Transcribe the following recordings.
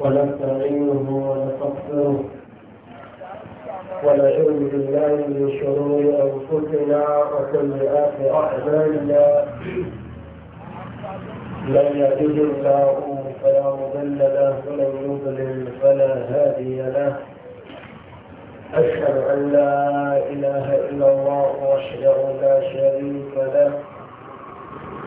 ونستعينه ونستغفره ونعوذ بالله من شرور انفسنا وكل اخر اعمالنا من يهده الله فلا مضل له ومن يضلل فلا هادي له اشهد ان لا اله الا الله وحده لا شريك له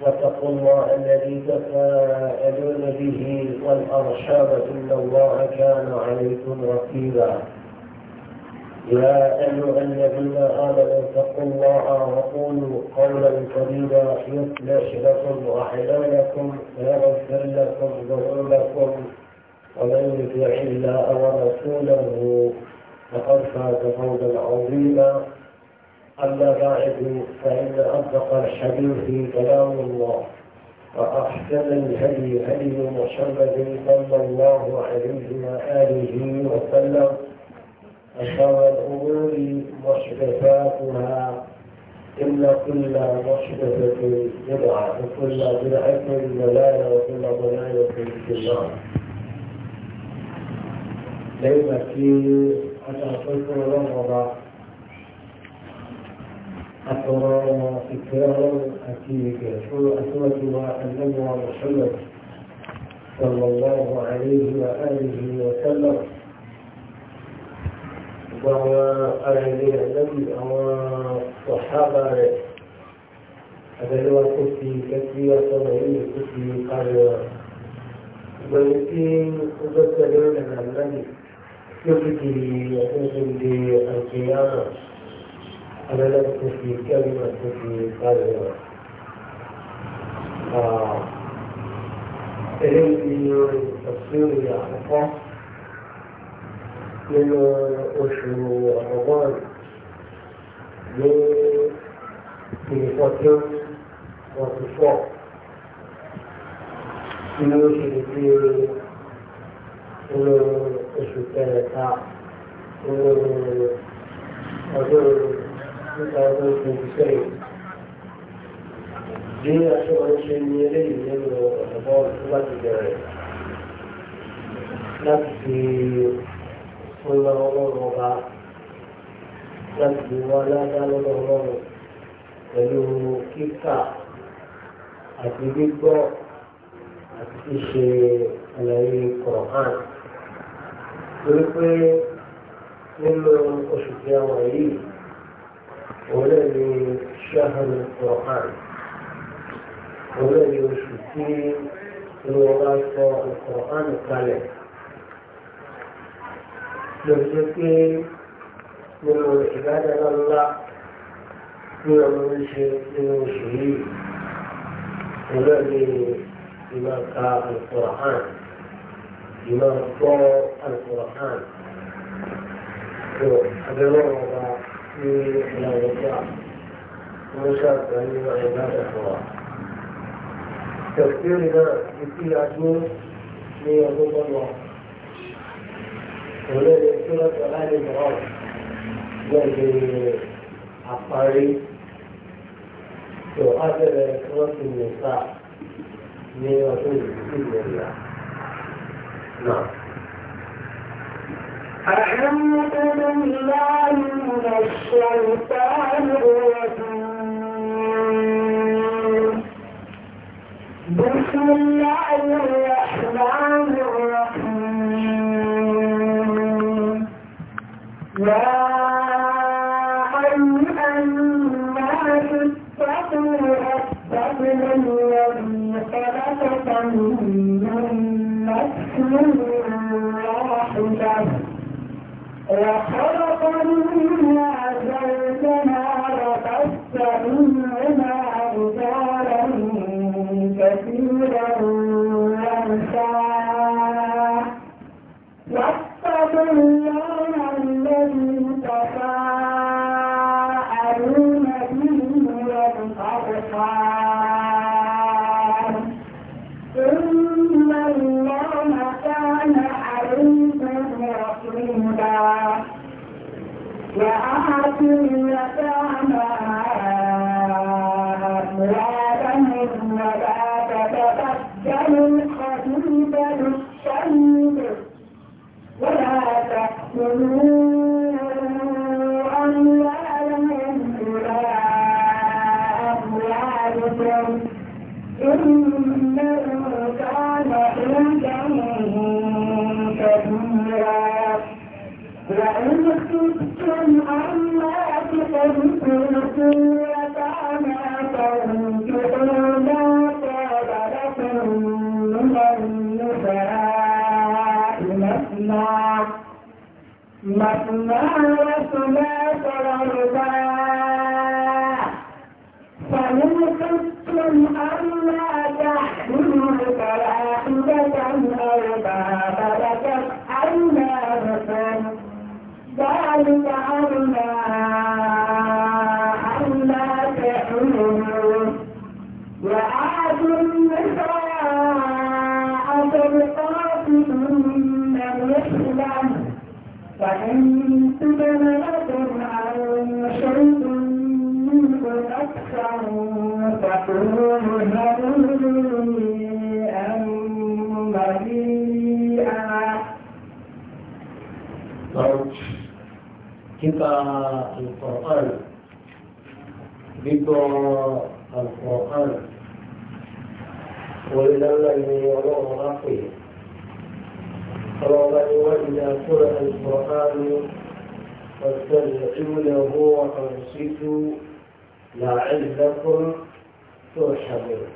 واتقوا الله الذي تساءلون به والارشاد إن الله كان عليكم رقيبا يا أيها الذين آمنوا اتقوا الله وقولوا قولا سديدا يصلح لكم أحلامكم ويغفر لكم ذنوبكم ومن يطع الله ورسوله فقد فاز فوزا عظيما أما بعد فإن أصدق الحديث كلام الله وأحسن الهدي هدي محمد صلى الله عليه وآله وسلم أشار الأمور محدثاتها إن كل محدثة بدعة وكل بدعة ضلالة وكل ضلالة في النار دائما في أن أقول لهم أترانا فكرا أتيك أسوة وأنبوى محمد صلى الله عليه وآله وسلم وأهل النبي وصحابة هذا هو كفي كثير صدري كفي قرية ولكن أذكر لنا النبي يفتي وتنزل القيامة أنا لست في كلمة في قلبي إليه تفسير الحقيقة من أشهر رمضان من فترة وتفاق من أشهر في أشهر الثلاثة أشهر 2027 bí aṣọ ọ̀ṣẹ́ ní eléyìí nínú ọ̀pọ̀ láti bẹ̀rẹ̀ láti fi ọlọ́ ọlọ́run ọba láti fi wá ládá lọ́dọ̀ ọlọ́run pẹ̀lú kíkà àti gbígbọ́ àti ṣíṣe àlàyé kọ̀ọ̀hán torí pé nínú oṣù tí ولن شهر القرآن ولن يشكي وراء القرآن قال لذلك من عبادة الله من المشهد ولن بما قال القرآن بما قال القرآن أدعو في حمايتها ومشاركة وعبادة الله تفكير إذا يكون عجوز ليقول الله والذي يكون كمان المرأة يعني عقاري وهذا كرة النساء ليقول بإذن الله نعم أعوذ بالله من الشيطان الرجيم بسم الله الرحمن الرحيم يا أيها الناس اتقوا ربكم الذي خلقكم من نفس وخلق منها زوجها وبث منهما رجالا كثيرا ونساء واتقوا الله الذي تساءلون به والارحام ان الله كان عليكم رقيبا Yeah, I'm not doing that. آخذة أو ما ملكت أيمانكم ذلك أدنى ألا تعلموا وآتوا النساء صدقاتهن نحلا فإن تبن لكم عن شيء منه أكثر فقولوا kíkà Al-Qur'an gbígbọ́ Al-Qur'an wọlé lọ́la ni ọlọ́run bá pè é ọlọ́run bá ní wọ́n ìdá kúrò Al-Qur'an فاستمعوا له وانصتوا لعلكم ترحمون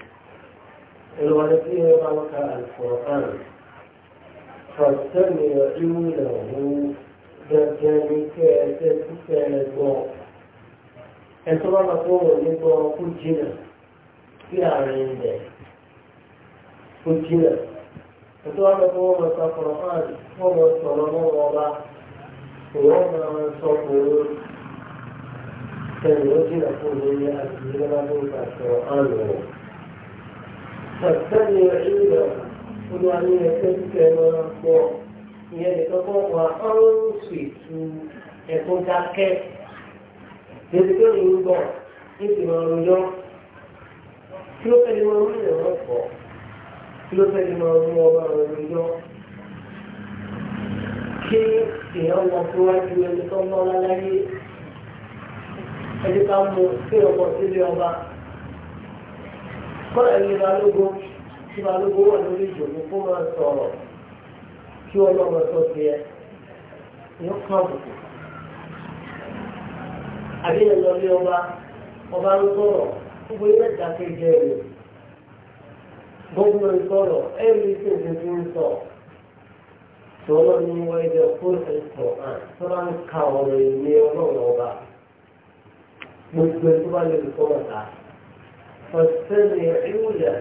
الولدين يضعك القرآن فاستمعوا له dandan ní kẹ́ ẹ jẹ́ kíkẹ́ ẹ gbọ́n ẹ̀tọ́ bá máa tó wọ̀ nípa kó jìnà sí àárín rẹ̀ kó jìnà ẹ̀tọ́ bá máa tó wọ́n máa sọ̀rọ̀ máa wọ́n máa sọ̀rọ̀ mọ́ wọn bá òun máa sọ òun ẹ̀yìn ó jìnà fún mi ní àtìlẹ́ bá tó ń ta sọ̀rọ̀ àlọ́ pàtàkì ìrìnà olúwa ní ẹgbẹ́ kíkẹ́ ẹ máa gbọ́ ìyẹn nìkan tó wà ọ̀rùn ṣètù ẹ̀kọ́ dákẹ́ lórí tó ń bọ̀ ní ti máa rojọ́ kí ló fẹ́ẹ́ máa rú ìrànwọ́ pọ̀ kí ló fẹ́ẹ́ máa rú ọmọ rẹ̀ rojọ́ kí èèyàn lọ síwájú ẹni tó ń bọ́ láláyé ẹni ká mú kí ọkọ sílé ọba kọ́ ẹ̀yin balógun tí wà lórí ìjòkó kó máa sọ̀rọ̀ kí ọlọ́run tó ti ẹ ní kàn bùkù. ọba ọba ń sọ̀rọ̀ gbogbo ilé ìdákẹ́jẹ́ rẹ̀ gbogbo ìsọ̀rọ̀ ẹ̀rí tó ti ń sọ. Sọ̀rọ̀ ni wọ́n ẹgbẹ́ fún ẹ̀sọ̀ àn tó ń ka ọ̀rọ̀ ìwé ọlọ́run ọba. Gbogbo ẹ̀ bá lè sọ ọ̀tá. Ọ̀sẹ̀ ni ìwúlẹ̀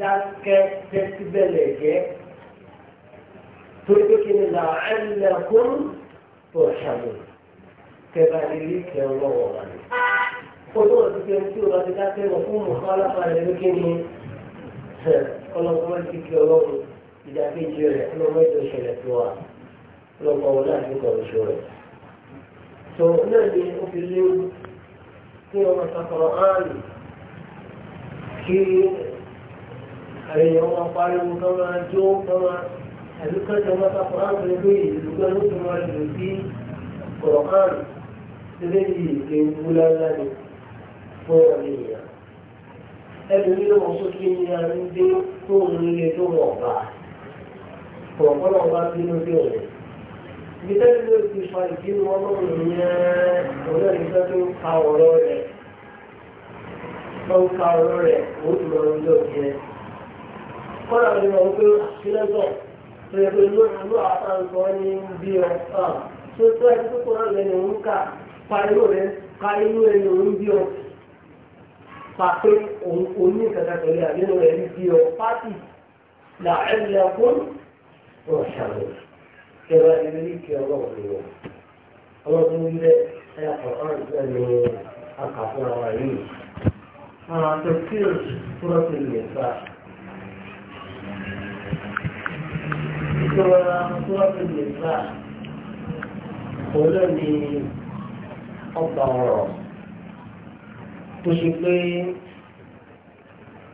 dákẹ́ tẹ́síbẹ̀lẹ̀ jẹ́ torí pé kí ni là á lẹ̀ fún tó ṣàmù kẹba ilé kẹ lọ́wọ́ wa ni. ó lọ́wọ́ ti kẹ́ tí o bá ti dákẹ́ wọ̀ fún mọ̀ká alábàárẹ̀ ló kí ni ọlọ́wọ́ ti kẹ ọlọ́run ìdákẹ́jì rẹ̀ ọlọ́wọ́ ètò ìṣẹ̀lẹ̀ tó wà ọlọ́wọ́ wọn láti kọ̀ ọ̀ṣọ́ rẹ̀. tó náà ni ó fi léwu kí ọmọ sàkọrọ áàlù kí ẹ̀yìn ọmọ pariwo kọ́ máa jó kọ́ máa àbí kọ́jọ máa ta kọ́rán pẹ̀lú pé ìlú pẹ̀lú tó máa lò sí kọ̀ọ̀kan sílé yìí ṣe ń wú lálá ni fún ọ̀nìyàn. ẹ̀dùn nínú wọn tó kí ni a ń dé tó ń lé tó wọ̀ bá kọ̀ọ̀kan náà bá bínú sí òun. ìgbésẹ̀ ló ti fa ìbínú ọlọ́run yẹn òun náà nígbà tó ń ka ọ̀rọ̀ rẹ̀ tó ń kọ́nà ni wọ́n pé sílẹ́sọ̀ tó yẹ pé ló ló àtàǹkọ́ ní bí ọ tó tó ẹ tó kọ́nà rẹ̀ ni òun kà pariwo rẹ̀ ká inú rẹ̀ ni òun bí ọ pàpé òun ní kankan pẹ̀lú àdínú rẹ̀ ní bí ọ pátì là ẹ̀ lẹ́kún ọ̀ṣàlù kẹwàá ìrírí kí ọlọ́run ni wọ́n ọlọ́run ní ilé ẹ̀yà kọ̀ọ̀kan ìgbẹ́ ni akàfúnra wa yìí. Àwọn àtẹ̀síọ̀ tó rọ́pìlì ẹ̀fà ذكر سورة النساء قلني الضرر تشكي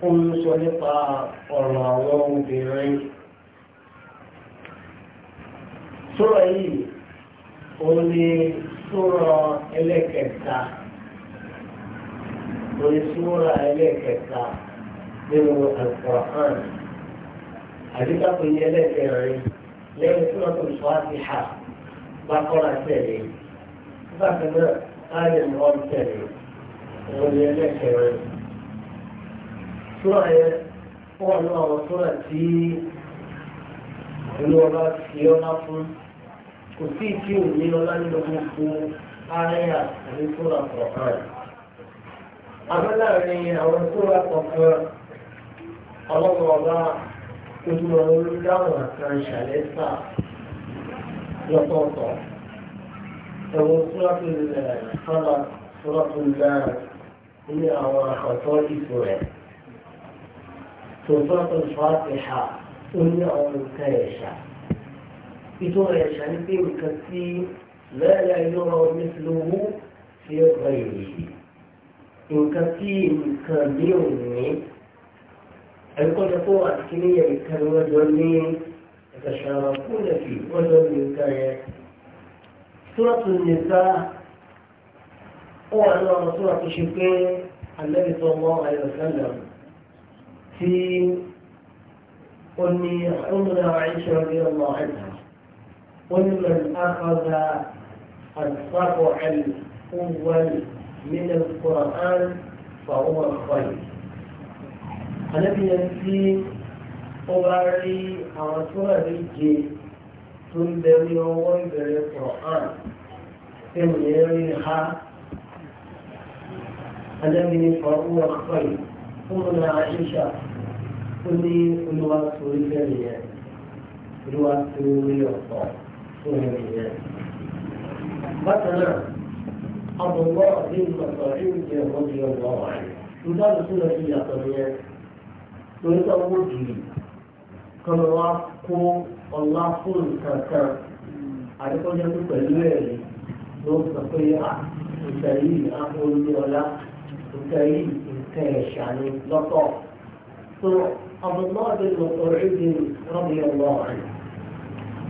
أم سلطة الله بعين سورة yìí òun ni sórọ̀ ẹlẹ́kẹta òun ni sórọ̀ ẹlẹ́kẹta nínú al àdúgbò tó yẹ lẹ́ẹ̀kẹrin lẹ́yìn tí wọ́n tó sọ á ti hà bá kọ́ra tẹ̀lé nígbà tó náà káyọ̀ ní wọ́n tẹ̀lé wọ́n yẹ lẹ́ẹ̀kẹrin. Súrà yẹn wọ́n ní àwọn súrà tí olúwọ́lá fi ọlá fún kò sí ìtí òní ọlá nínú gbogbo ááyà àti súrà kọ̀ọ̀kan. Àmọ́ láàrin àwọn súrà kọ̀ọ̀kan ọlọ́run ọba tó máa ń dáhùn àkàn ṣàlẹ́sà lọ́tọ̀ọ̀tọ̀ ẹ̀wọ̀n súrátù ilẹ̀ fọlá súrátù náà ní àwọn àkọ́tọ́ ìfò rẹ̀ tó súrátù fàtìhà ó ní àwọn nǹkan ẹ̀ṣà ìtumọ̀ ẹ̀ṣà ní pé nǹkan tí lẹ́yà yọrọ nífìlówó fi ọgbà ìròyìn nǹkan tí nǹkan bí òun ní. أن يكون القوة الحكمية يتكلمون والمين يتشاركون فيه وزن الوكاية سورة النساء هو أنواع سورة شبكين النبي صلى الله عليه وسلم في أمي عمر عائشة رضي الله عنها ومن أخذ الصفح الأول من القرآن فهو الخير ànábì yẹn tí ó bá rí àwọn tó wà méje tó ń bẹ ní ọwọ́ ìbẹ̀rẹ̀ Qur'an tí mo yẹ rí ha ànábì ní fọwọ́ ọ̀pọ̀ yìí fún mi náà àṣìṣà ó ní olúwa torí bẹ́ẹ̀ yẹn olúwa torí ọ̀pọ̀ fún mi yẹn. bákan náà عبد الله بن مسعود رضي الله عنه وقال سنة إلى قضية torí pé owó jìrì kan wá kó ọlá fún nǹkan kan àdékọ́jọ́ tó pẹ̀lú ẹ̀rí ló sọ pé à nǹkan yìí àwọn orí ọlá nǹkan yìí nǹkan ẹ̀ṣà ni lọ́tọ̀. tó عبد الله بن مسعود رضي الله عنه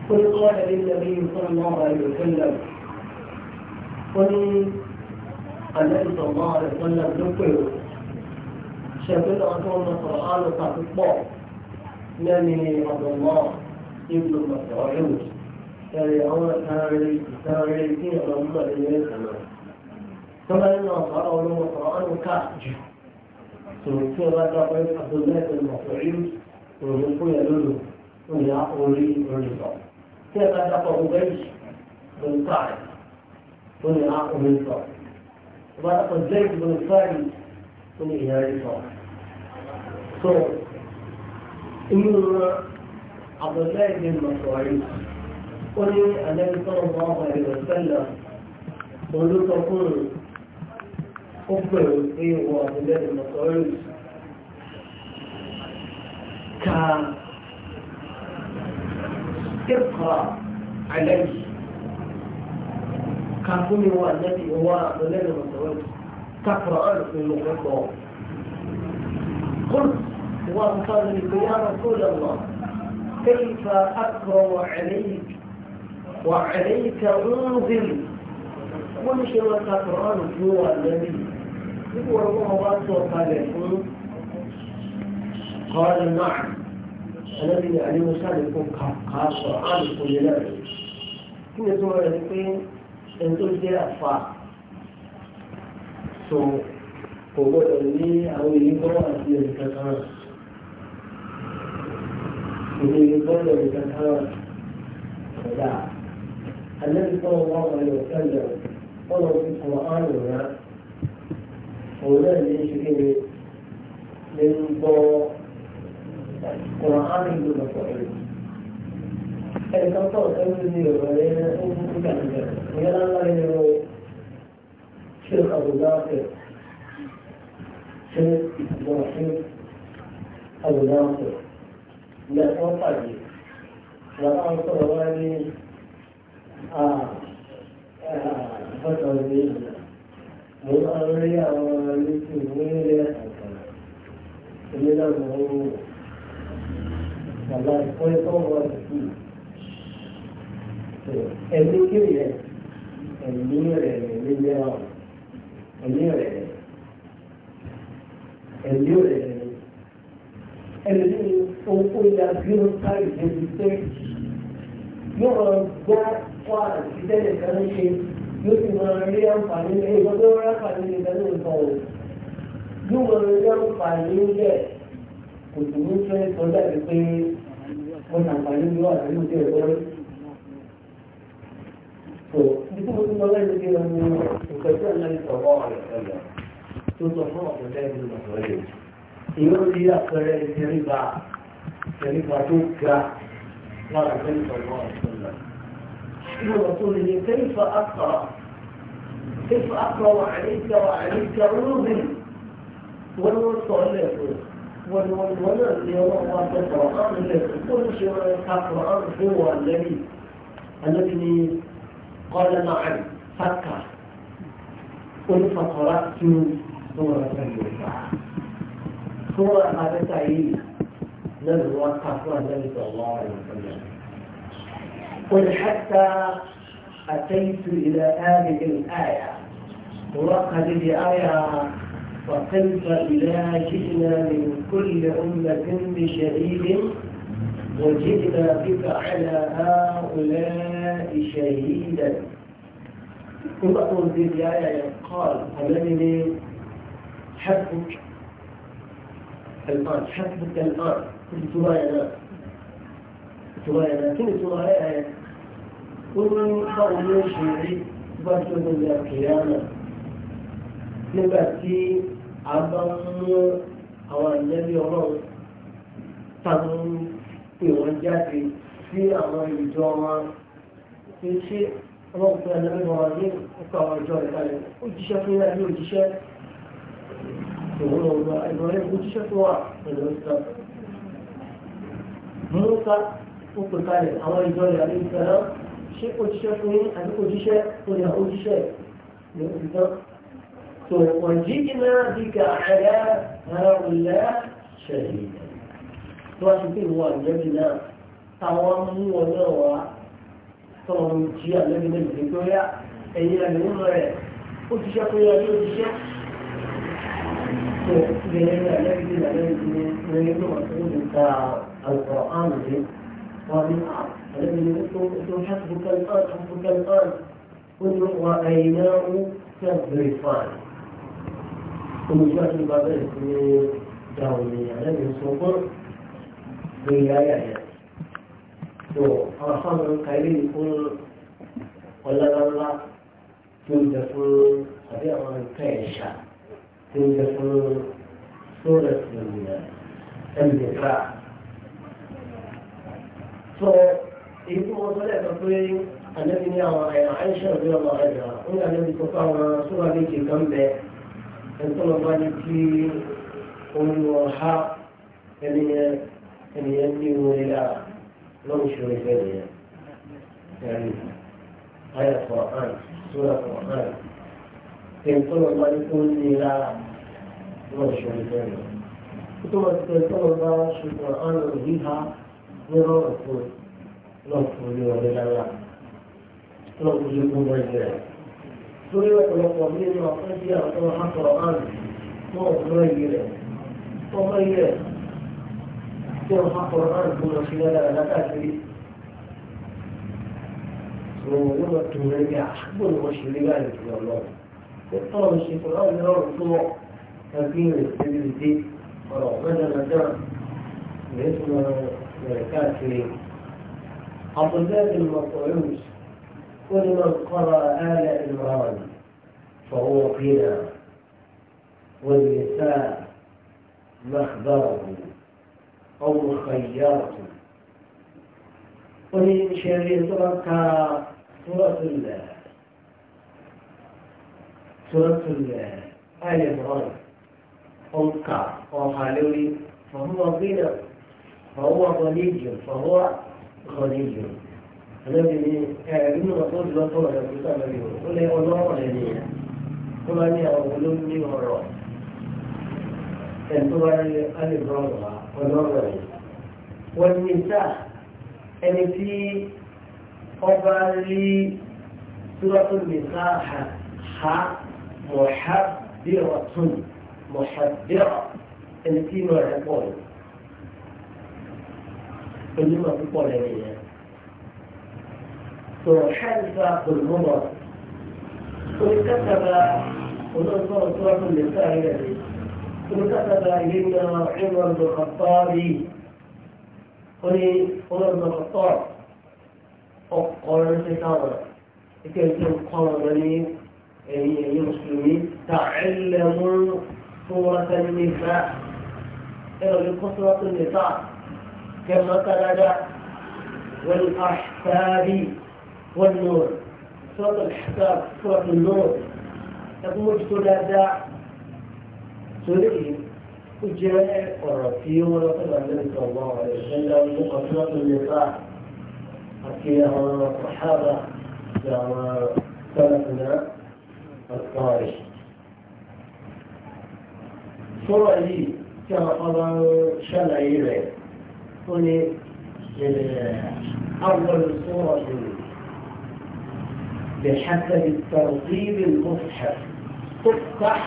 قل قال للنبي صلى الله عليه وسلم قل النبي صلى الله عليه وسلم ذكر ṣẹ̀pẹ́ náà tó ń sọ̀rọ̀ àánú tàbí pọ̀ lẹ́ni ọ̀dọ̀mọ́ ìlú ọ̀rẹ́wò ẹ̀rẹ̀ àwọn ẹ̀rẹ̀ ìtàrẹ̀ tí ọ̀rọ̀ mọ̀ ẹ̀yẹ ìtànà tọ́lá nínú ọ̀pá olówó sọ̀rọ̀ àánú ká jù sọ̀rọ̀ tí ọba dábọ̀ àbúlẹ̀ẹ̀dẹ̀ mọ̀fẹ́rí òní fún yẹn lódò òyà orí orí sọ tí ọba dábọ̀ tó inú wọn àbọ̀dá ìdí mọ̀tòwárí ó ní àlẹ́bí tó ń bọ́ ọmọ ìrọ̀ sẹ́lẹ̀ olùkọ́ fún un ó pèrò pé ìwọ àbọ̀dá ìdí mọ̀tòwárí ka ìkọ̀ àlẹ́bí ka fún mi wà lẹ́bí ìwọ àbọ̀dá ìdí mọ̀tòwárí ka kọ̀ قلت وانطلق يا رسول الله كيف أكرم عليك وعليك أنزل wọ́n ṣe wọ́n ta kọ̀ọ̀rọ̀ tí ó wà lẹ́bí nígbà wọ́n wọ́n wá tó kalẹ̀ fún kọ́ọ̀lù náà ẹlẹ́bí ni àlẹ́ mọ́sálẹ̀ kó kàkà kọ̀ọ̀rọ̀ kò lè lẹ́rẹ̀ kí ni tó rẹ̀ ni pé ẹni tó jẹ́ àfa tó kò gbọ́dọ̀ ní àwọn ìyíkọ́ àti ẹ̀kàkàrà ìlú ìgbọ́dọ̀ ìkàkàrà ọ̀dà alẹ́bíkọ́ wọn wà ní ọ̀sẹ̀lẹ̀ ọ̀nà ti sọ ààrùn rẹ̀ òun ní ṣe ní ń gbọ́ ọ̀rọ̀ ààrùn ìlú lọ́pọ̀ rẹ̀ ẹ̀ka tó ọ̀sẹ̀ ní ọ̀rọ̀ rẹ̀ ó kúkú dàgbẹ̀ ìyá ṣe àbùdá الشيخ عبد الرحيم أبو ناصر لا توقع لي والآن صلواني فترة الدين من أولياء والمسلمين ليتحكم من المغرور والله كل طور وسكين ẹ̀mí kiri ẹ̀ ẹ̀mí rẹ̀ lè lè ẹ̀mí rẹ̀ lè ẹ̀mí rẹ̀ ẹni tí oko ya bí ó sáré débi pé yóò máa gbọ́ kọ́ àti tẹ́lẹ̀ kan ṣe yóò sì máa rí àǹfààní ní ẹ̀yìn tó rárá àǹfààní ní ìdáná ìtàn o yóò máa rí àǹfààní bẹ́ẹ̀ kò sì ní fẹ́ sọ́jà bí pé wọ́n ní àǹfààní ní wàhálà ní òde ẹ̀kọ́ rẹ̀. So, bí tí mo ti mọ lẹ́yìn tí wọ́n mú ìtọ́jú àná ìtọ́jú ọ̀rẹ́ ẹ̀yà. tó sọ fún ọ̀pọ̀lẹ́ ìlú ọ̀pọ̀lẹ́ ìwọ́n ti rí àpẹẹrẹ ìtẹríba ìtẹríba tó ga lára ìtẹrí رسوله كيف أقرأ كيف أقرأ وعليك وعليك عروض والنور صلى والولد يرى ما القرآن كل شيء القرآن هو الذي الذي قال نعم فكر قل فقرأت صورة النساء صورة هذا تعيين نزوة تقوى النبي صلى الله عليه وسلم قل حتى أتيت إلى هذه الآية ورقد الآية فقلت إلى جئنا من كل أمة بشهيد وجئنا بك على هؤلاء شهيدا ثم أقول أنزل الآية قال أمامني حسبك الآن حسبك الآن كنت تراينا تراينا كنت تراينا ومن قوم شيعي برجل من القيامة نبتي عبر أو النبي الله تنم في وجهتي في أمر الجمعة في شيء رغم أن النبي إبراهيم وقال الجمعة قال أجيش فينا أجيش òun ọgbà ìrọ̀lẹ́ ojúṣẹ́ tó wà pẹ̀lú ìsà mọ́ta ó pè kalẹ̀ àwọn ìjọlẹ̀ àti ìsàlá ṣé ojúṣẹ́ fún yín àti ojúṣẹ́ tó yà ojúṣẹ́ ní òtítọ́ tó ọ̀jí iná bí ká àyà ara òlẹ́ ṣẹ̀lẹ̀ tó a ti pè wọ́n àjẹ́bí náà táwọn mú wọn náà wá tọ́wọ́n jí àjẹ́bí náà ìgbẹ́ tó القرآن ومن الذي يقول حسبك الآن حسبك الآن قل وأيناه تذرفان ومشاهد البابل في داولي على يسوق رياية تو أرحم القليل يقول ولا لا لا توجد في هذه الكيشة tí ó jẹ́ fún sóòrè ẹnìyàn sọ èyí tí wọ́n sọ́lẹ̀ sọ pé àlẹ́bí ní àwọn ẹ̀yà àìṣẹ́ òbí ọmọ ẹ̀yà ń yà lẹ́bí tó fún àwọn sóòrè méjì kan bẹ ẹ̀tọ́ lọ bá ní kí olùwọ̀ ha ẹnìyàn ẹnìyàn ní orí lára lọ́wọ́ ìṣòro ìfẹ́ nìyẹn. يعني آية القرآن سورة القرآن tẹ̀sọ́nà bá ní kó ní lára wọ́n ṣe ìfẹ́ rẹ̀. ó tó máa tẹ̀sọ́nà bá ṣe kọ̀ ánà yíha ní rọrùn fún náà fún ní ọdẹ lára náà kó lè kó wọ́n jẹ́ rẹ̀. torí ọ̀pọ̀lọpọ̀ bí ẹni ọ̀pọ̀ bí àwọn akọ̀rọ̀ ánà náà fún ẹ̀yẹ rẹ̀ ọmọ ẹ̀yẹ rẹ̀ tí wọ́n akọ̀rọ̀ ánà kó lọ sí lára látàkiri. Òun ló máa tún rẹ̀ bí àgbọ̀n wọn ṣe rí láàrin ìjọba náà. اضطرب الشيخ الأول إلى الرجوع تنفيذ السبيل الدين ورغبنا مدام باسم الكافرين عبدالله المطعوش كل من قرأ آل إمران فهو قنا والنساء مخبره أو مخيرته ومن شر سورة سورة الله سورة آل عمران أنقع وقالوا لي فهو غنى فهو غني فهو غني الذي ابن مسعود لا صلى الله عليه وسلم قل يا الله الذين قل أني أقول من وراء أن تبعي آل عمران ونور والنساء أن في أبالي سورة النساء حق محذرة محذرة التي ما يقول كل ما تقول هي تحلف بالمضر كل كتب قل سورة النساء الذي قل كتب إلينا عمر بن الخطاب قل عمر بن الخطاب أقرن في ثورة لكي تنقرنني يعني المسلمين تعلموا صورة النساء ارجو قصوة النساء كما تلدى والأحساب والنور سورة الأحساب سورة النور تقوم تلدى سوري وجاء الرفيع ورسول النبي صلى الله عليه وسلم وقصرة النساء حكيها الصحابة سلفنا الطارئ sọ́rọ̀ yìí tí a máa bá ń ṣàlàyé أول صورة بحسب الترتيب المصحف تفتح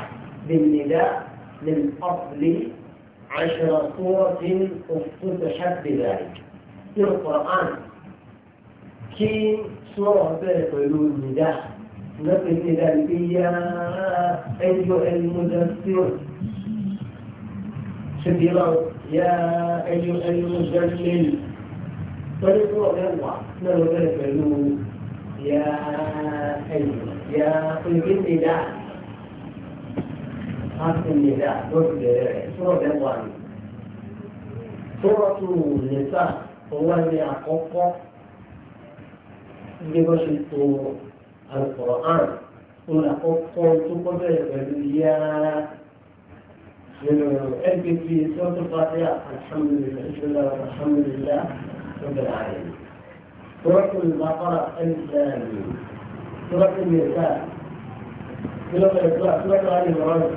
بالنداء من أصل عشر صورة افتتحت بذلك في القرآن كي صورة بيت النداء نقل إلى الإياء أيها المدثر شكرا يا أيها المدلل طريقوا الله نرى ذلك يا أيها يا قلب النداء حق النداء سورة الله سورة النساء هو اللي أقوى يجب أن القرآن هنا قلت قلت يا أنت في سورة الفاتحة الحمد لله الحمد لله رب العالمين سورة البقرة الإسلام سورة النساء سورة آل عمران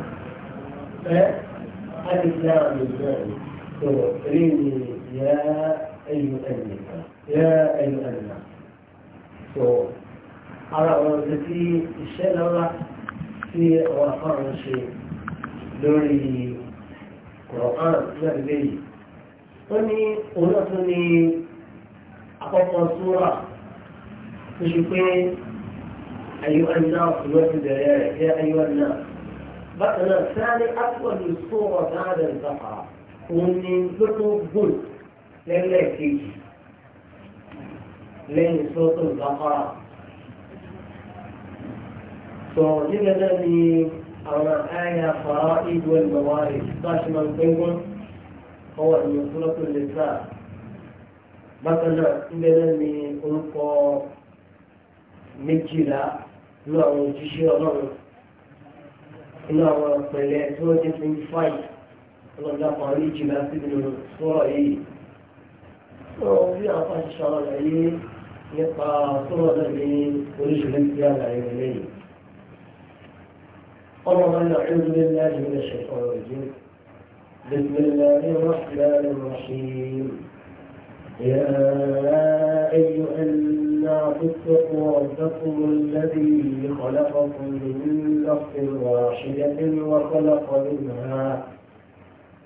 الإسلام الثاني تريني يا أيها النساء يا أيها الناس ara ọ̀rọ̀ rẹ̀ tí iṣẹ́ lọ́la tí àwọn afárán ṣe lórí kọ̀ọ̀kan lẹ́gbẹ̀ẹ́ yìí wọ́n ní òun náà ní àkọ́kọ́ súrà tó ṣe pé أيها الناس يا أيها الناس بقنا ثاني أطول صورة هذا البقرة ومن ذكر جل للتي لين صوت البقرة sọ níbẹ̀ náà ni àwọn àyà fàá ìlú ẹ̀mọ̀wárì láti máa ń gbẹ́gbọ́n ọwọ́ ìyẹn fúlọ́pù lè sà bákan náà níbẹ̀ náà ni orúkọ méjìlá ní àwọn òjíṣẹ́ ọlọ́run inú àwọn ọ̀pẹ̀lẹ̀ tí wọ́n ti fi ń fáì ọlọ́dà kan méjìlá sínú sọ́ọ̀ yìí sọ̀rọ̀ bí àwọn aṣọ àlàyé nípa sọ́ọ̀ náà ní oríṣiríṣi àlàyé lẹ́yìn. اللهم نعوذ بالله من الشيطان الرجيم بسم الله الرحمن الرحيم يا أيها الناس اتقوا ربكم الذي خلقكم من نفس واحدة وخلق منها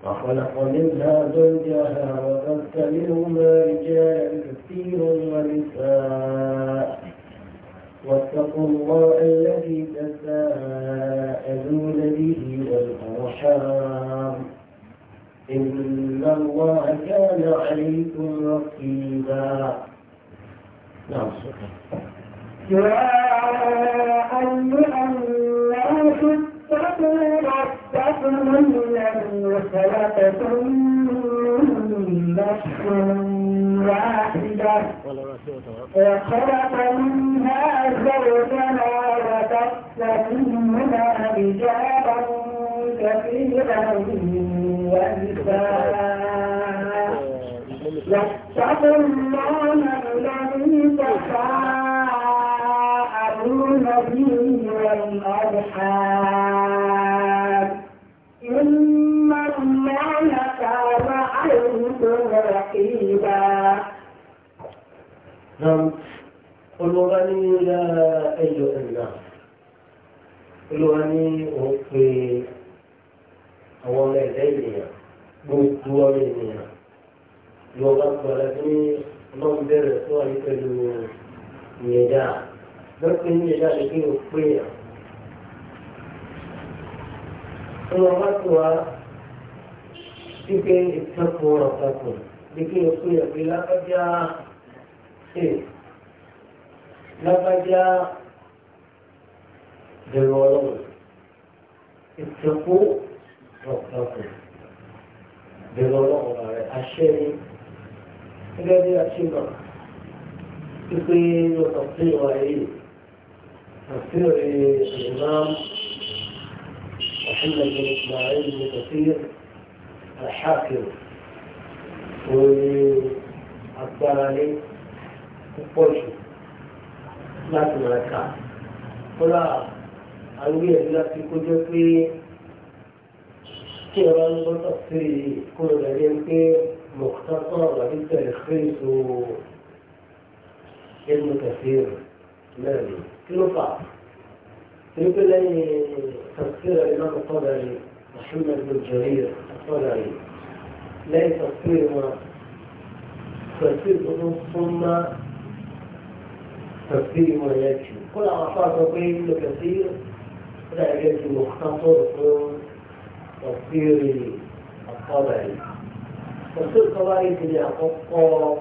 وخلق منها زوجها وبث منهما رجالا كثيرا ونساء واتقوا الله الذي تساءلون به والأرحام إن الله كان عليكم رقيبا نعم يا أيها الناس اتقوا ربكم الذي خلقكم من نفس واحدة خلق منها زوجنا وبث منهما رجالا كثيرا ونساء واتقوا الله الذي تساءلون به والأرحام إن الله كان عليكم نعم قل وغني يا أيها الناس قل وغني وفي أوامر ليلنا gbogbo ọmọ ènìyàn lọ bá gbọ́dọ̀ ní ọlọ́run bẹ̀rẹ̀ tó wà ní pẹ̀lú ìyẹ̀dá lọ́pẹ́ ní ìyẹ̀dá lè kí o pé yàn. ọmọ bá tó wá sí pé ìtẹ́kùn ọ̀rọ̀ kankan lè kí o pé yàn pé lápẹ́jà. lágbájá bẹ̀rù ọlọ́run ìtẹ̀kù ọ̀pọ̀lọpọ̀ bẹ̀rù ọlọ́run rẹ̀ àṣẹ ni gẹ́gẹ́ bí àṣẹ náà pípé ọ̀sẹ̀ wa yìí ọ̀sẹ̀ rẹ̀ ìmáàmù محمد بن إسماعيل بن كثير الحاكم والطبراني púpọ̀ jù láti máa kà kódà àwọn ìyẹ̀dí láti kó jẹ́ pé kí ọ̀rọ̀ ń gbọ́dọ̀ sí kó rẹ̀ ní pé mọ̀kútàkọ́ àbí tẹ̀lé fèsò ẹnu kẹfì mẹ́rin kí ló fà nígbà lẹ́yìn tafsir ìmọ̀ Tabari Muhammad bin Jarir Tabari lẹ́yìn tafsir wọn tafsir tó tún súnmọ́ تفسير ولا يكفي كل عرفات وقيل كثير ولا يكفي مختصر تفسير الطبعي تفسير الطبعي في الحقيقة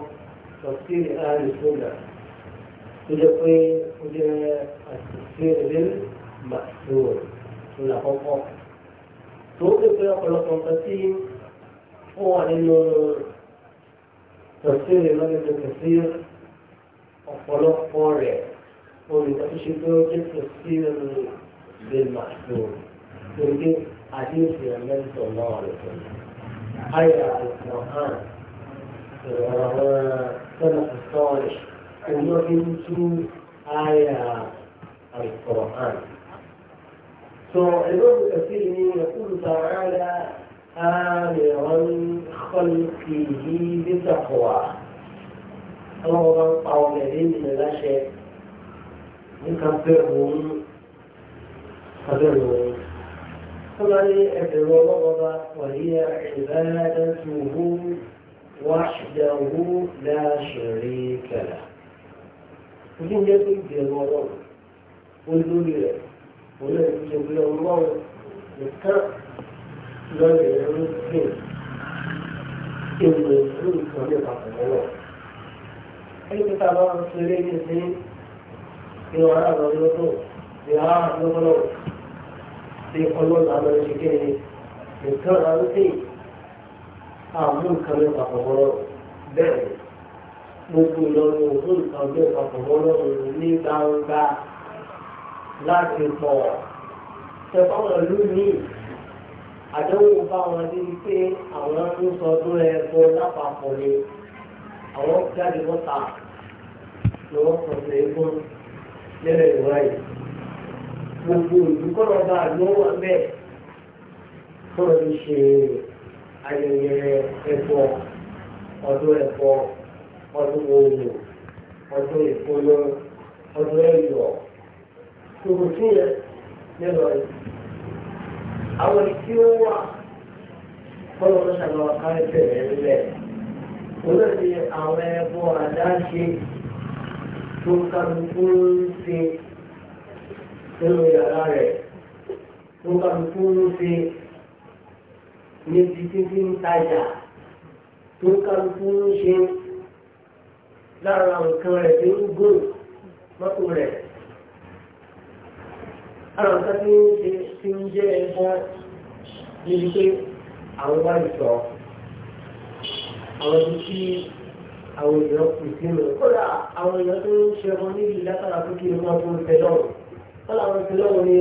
تفسير أهل السنة تجي التفسير للمأثور في الحقيقة توقف في أقل تقسيم هو أنه تفسير الإمام ابن كثير ọ̀pọ̀lọpọ̀ rẹ̀ olùkọ́ tó ṣe pé ó jẹ́ kò sí ẹnu lè máa lò torí pé àdéhùn ẹ̀mẹ́sọ̀ náà rẹ̀ tó àyà àìsàn hàn ìrọ̀rọ̀ sọ́nà sọ́ọ̀rẹ̀ olóògbé ń tú àyà àìsàn hàn. فالرب الكثير يقول تعالى آمرا خلقه بتقوى ọlọ́wọ́ bá ń pa ọmọ ẹ̀rí ìrìnlẹ̀ láṣẹ nípa bẹ́ẹ̀ òun abẹ́rù òun. Tọ́lá ní ẹ̀bẹ̀rù ọlọ́wọ́ bá wà ní ìbáradẹ́tùwó wáṣídàwó láṣẹ̀rí kẹlà. Ojú ń jẹ́ pé ìbẹ̀rù ọlọ́wọ́ ó lórí rẹ̀ òun náà ti ṣe pé ọlọ́wọ́ nìkan lọ́rẹ̀ ẹlòmítà bá ń sọ eré yìí sí ìwà àlọ́ lọ́tọ̀ ìwà àlọ́lọ́ sí ọlọ́lọ́ àlọ́ ìṣèkéde nǹkan àrùtì àmú nǹkan mẹ́ta kọ̀ọ̀rọ̀ bẹ́ẹ̀ gbogbo ìlọrin òkú nǹkan mẹ́ta kọ̀ọ̀rọ̀ ní gbangba láti pọ̀ ṣẹ̀fọ́n ìlú míì àdéhùn bá wọn dé pé àwọn ń sọdún ẹ̀kọ́ lápapọ̀ ni àwọn jáde wọ́n ta wọ́n sọ pé fún lẹ́lẹ̀ ìwọ́ra yìí gbogbo ìlú bá a wà bẹ́ẹ̀ kọ́nà ti ṣe ayẹyẹ ẹ̀fọ́ ọdún ẹ̀fọ́ ọdún oòrùn ọdún ìpolú ọdún ẹ̀yọ̀ gbogbo tí yẹn lẹ́nu ọ̀rẹ́ àwọn tí ó wà kọ́nà ló ṣàlọ́ àkárẹ́ bẹ̀rẹ̀ nílẹ̀ olóòtú àwọn ẹbọ àdáṣe tó kálukú ń ṣe nínú yàrá rẹ̀ tó kálukú ń ṣe níbi títí ń tajà tó kálukú ń ṣe lára nǹkan rẹ̀ tí ń gùn mọ́tò rẹ̀ lára nǹkan tí ń ṣe tí ń jẹ́ ẹbọ níbi pé àwọn wá ìṣọ́ àwọn ibi tí àwọn èèyàn kù sí mi kódà àwọn èèyàn tó ń ṣe ọmọ níbi látara tó kí wọn tó ń tẹ lọ́rùn kódà àwọn tẹ lọ́rùn ni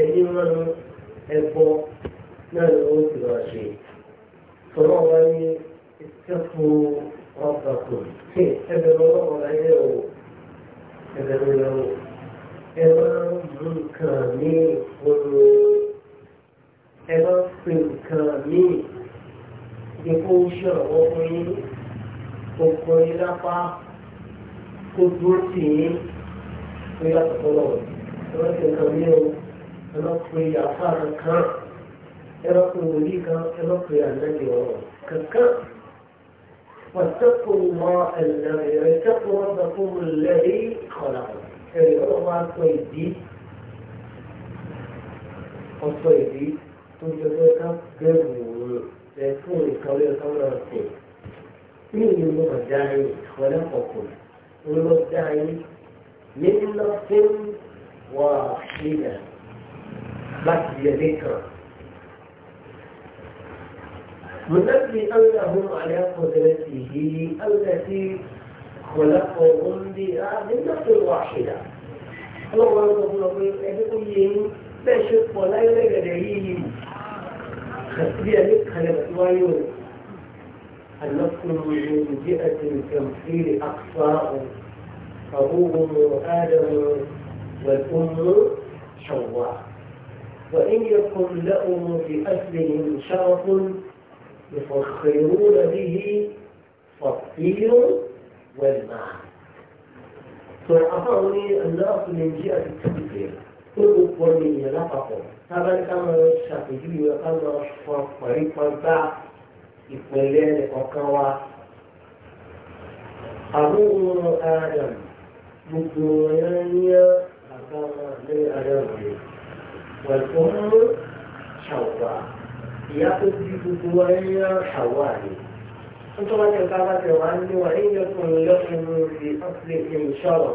ẹni wọn ń ẹbọ náà ni wọn ti lọ ṣe tọ́lọ́ wọn ní ìṣẹ́fù ọgbà kù ṣe ẹgbẹ́ lọ́wọ́ ọ̀la yẹ o ẹgbẹ́ lọ́wọ́ ẹ máa nǹkan ní ìfúnni ẹ pè nǹkan ní ìfúnni pé kó ṣèrànwọ́ fún yín kókó yín lápá kó dúró tì yín pé yàtọ̀ tó lọ ẹ̀rọ ti nǹkan mí o ẹ̀rọ pé yàtọ̀ kankan ẹ̀rọ pé wòlíì kan ẹ̀rọ pé ànágbé ọ̀rọ̀ kankan. واتقوا الله الذي اتقوا ربكم الذي خلقكم ẹ̀rẹ̀ ọlọ́wọ́ aṣọ ìdí ọ̀ṣọ́ ìdí tó jẹ́ fẹ́ ká bẹ̀rù ويكون الخوري الخوري والسين من يملك الداعي خلقه كله يملك الداعي من نص وحيدة بس بذكر من أجل أنهم على قدرته التي خلقهم بها من نفس واحدة الله يقول لهم يقول لهم ولا وليل لديهم خسرية خلبت وعيون النصر من جئة التمثيل أقصاء أبوهم آدم والأم حواء وإن يكن لهم بأسلهم شرف يفخرون به فالطير والماء فالعطاء الناس من جهة التمثيل tó gbogbo ọmọ ènìyàn lápapọ̀ tábàlì ká máa ṣàpèjúwe ká máa fọ pẹ̀lú pọ́ńtà ìpínlẹ̀ ọ̀kan wa. àwọn ọmọ adam gbogbo ẹ̀yán àbámọ̀ ní adam rẹ̀ pẹ̀lú ọmọ ṣàwà ìyá tó bí gbogbo ẹ̀yán ṣàwà rẹ̀. nítorí wọn ti ń bá wá tẹ̀ wá ní wọn ẹ̀yán tó ń lọ́kùnrin fi ọ́pẹ́ ìṣọ́rọ̀.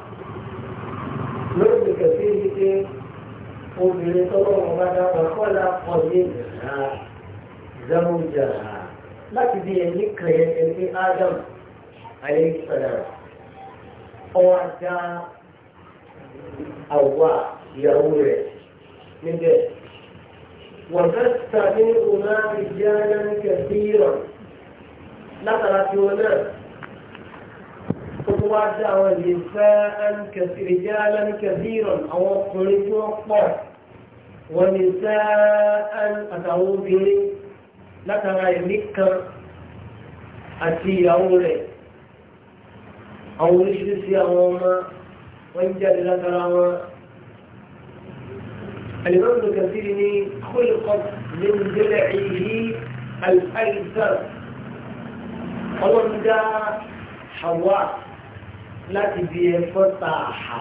lórí ìgbà tí ó ṣe obìnrin tó lọ́wọ́ bá dá wọn kọ́ la pọ̀ ní ìhà zamujá láti bí ẹni kẹrẹ ẹni Adam aleyhisselam ọwọ́ dá àwa ìyàwó rẹ̀ níbẹ̀ wọ́n fẹ́ sàbí ọmọ ìyá náà kẹfì rọ̀ látara tí wọn náà. وقوات دعوة نساء رجالا كثيرا أو قلت وقبر ونساء أتعوذ لي لترى يمكا أتي أولي أو نشرس يا هما وإن جاد لترى الإمام ابن كثير خلقت من ضلعه الأيسر أولا حواء láti bí ẹ̀fọ́ tààhà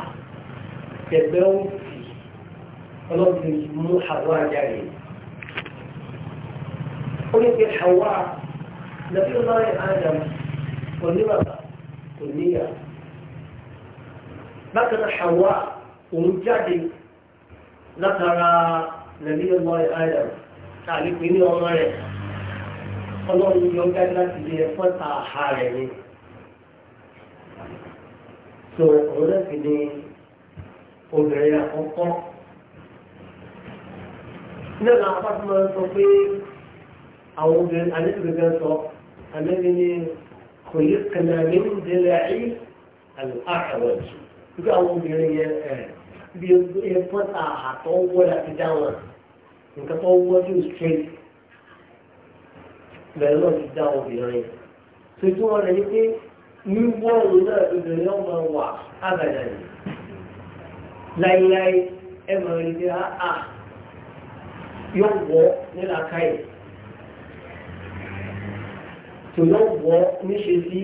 tẹ̀gbẹ́ òfì ọlọ́dún mú Hawa jáde. ó ní pé Hawa nàbí ọlọ́rin Adam kò ní bàbá kò níyà. bákan náà Hawa òun jáde látara nàbí ọlọ́rin Adam tàbí pé ní ọmọ rẹ̀ ọlọ́run yọ jáde láti bí ẹ̀fọ́ tààhà rẹ̀ ni tó òun náà sì obìnrin àkọ́kọ́ náà làwọn sọ pé àwọn obìnrin àlejò sọ àlejò ni kò yí kànáàmì ń délé ayé àlùkàrọ̀ jù nígbà àwọn obìnrin yẹn ẹ̀ bí ẹ̀pọ́n ta àtọ́wọ́ láti dá nǹkan tó wọ́ sí straight bẹ̀rẹ̀ náà ti dá obìnrin tuntun wọn rẹ̀ ni pé wíwọ́ òun náà yóò máa wà ágàdà yìí láíláí ẹ máa rí bí a ah, ah, yóò wọ́ nílà káyì tó yóò wọ́ níṣe sí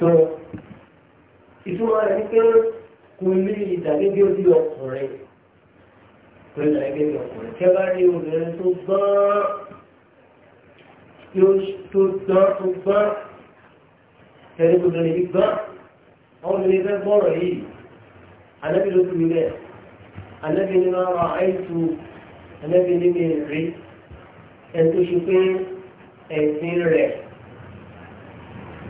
tó ìtumọ̀ rẹ̀ ní pé kò ní ìdàgẹ́gẹ́ bí ọkùnrin kò ní bí ọkùnrin tẹ́ bá rí obìnrin tó gbọ́n tó gbọ́n tó gbọ́n tẹ̀lé gbogbo níbi gan àwọn obìnrin fẹ́ gbọ́rọ̀ yìí anábì ló fi bẹ́ẹ̀ anábì ní máa ra àìsù anábì ní mi rí ẹni tó ṣe pé ẹ̀sìn rẹ̀